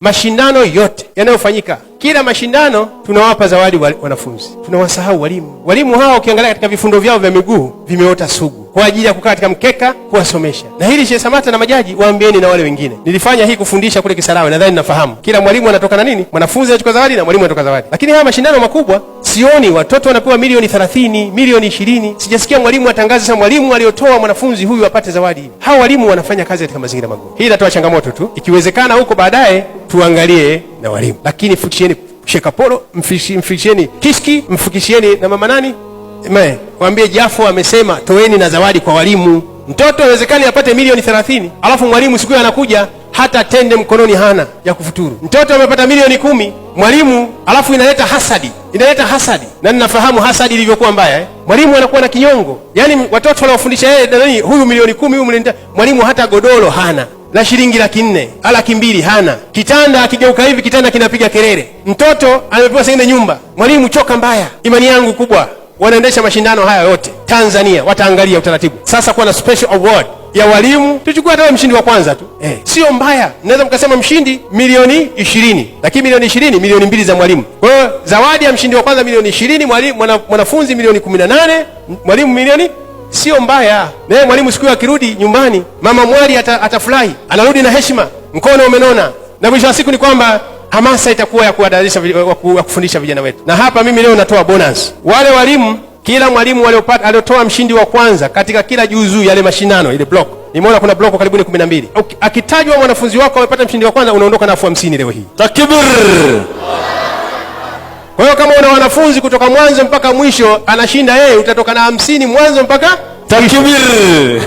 Mashindano yote yanayofanyika, kila mashindano tunawapa zawadi wanafunzi, tunawasahau walimu. Walimu hao ukiangalia katika vifundo vyao vya miguu vimeota sugu kwa ajili ya kukaa katika mkeka kuwasomesha. Na hili Sheikh Samata na majaji waambieni na wale wengine. Nilifanya hii kufundisha kule Kisarawe, nadhani nafahamu. Kila mwalimu anatoka na nini, mwanafunzi anachukua zawadi na mwalimu anatoka zawadi, lakini haya mashindano makubwa sioni watoto wanapewa milioni 30, milioni 20. Sijasikia mwalimu atangaze sasa mwalimu aliyotoa mwanafunzi huyu apate zawadi. Hawa walimu wanafanya kazi katika mazingira magumu. Hii inatoa changamoto tu, ikiwezekana huko baadaye tuangalie na walimu, lakini mfikishieni Shekapolo, mfikishieni Kiski, mfikishieni na mama nani, mae, waambie Jafo amesema toeni na zawadi kwa walimu. Mtoto awezekani apate milioni 30, alafu mwalimu siku hiyo anakuja hata tende mkononi hana ya kufuturu. Mtoto amepata milioni kumi mwalimu, alafu inaleta hasadi, inaleta hasadi, na ninafahamu hasadi ilivyokuwa mbaya eh? Mwalimu anakuwa na kinyongo, yaani watoto wanaofundisha yeye nani, huyu milioni kumi, huyu milioni, mwalimu hata godoro hana na shilingi laki nne au laki mbili hana. Kitanda akigeuka hivi kitanda kinapiga kelele, mtoto amepewa sengine nyumba, mwalimu choka mbaya. Imani yangu kubwa wanaendesha mashindano haya yote Tanzania wataangalia utaratibu sasa, kuwa na special award ya walimu tuchukue hata mshindi wa kwanza tu eh, sio mbaya. naweza mkasema mshindi milioni ishirini, lakini milioni ishirini milioni mbili za mwalimu. Kwa hiyo zawadi ya mshindi wa kwanza milioni ishirini, mwanafunzi milioni kumi na nane, mwalimu milioni sio mbaya. Naye mwalimu siku hiyo akirudi nyumbani, mama mwali atafurahi, anarudi na heshima, mkono umenona. Na mwisho wa siku ni kwamba hamasa itakuwa ya kuwadalisha ya kufundisha vijana wetu. Na hapa mimi leo natoa bonus wale walimu, kila mwalimu aliotoa mshindi wa kwanza katika kila juzuu, yale mashindano, ile block Nimeona kuna block karibuni kumi na mbili. Akitajwa mwanafunzi wako amepata mshindi wa kwanza, unaondoka na afu hamsini leo hii. Takbir! una wanafunzi kutoka mwanzo mpaka mwisho, anashinda yeye, utatoka na hamsini mwanzo mpaka takbir.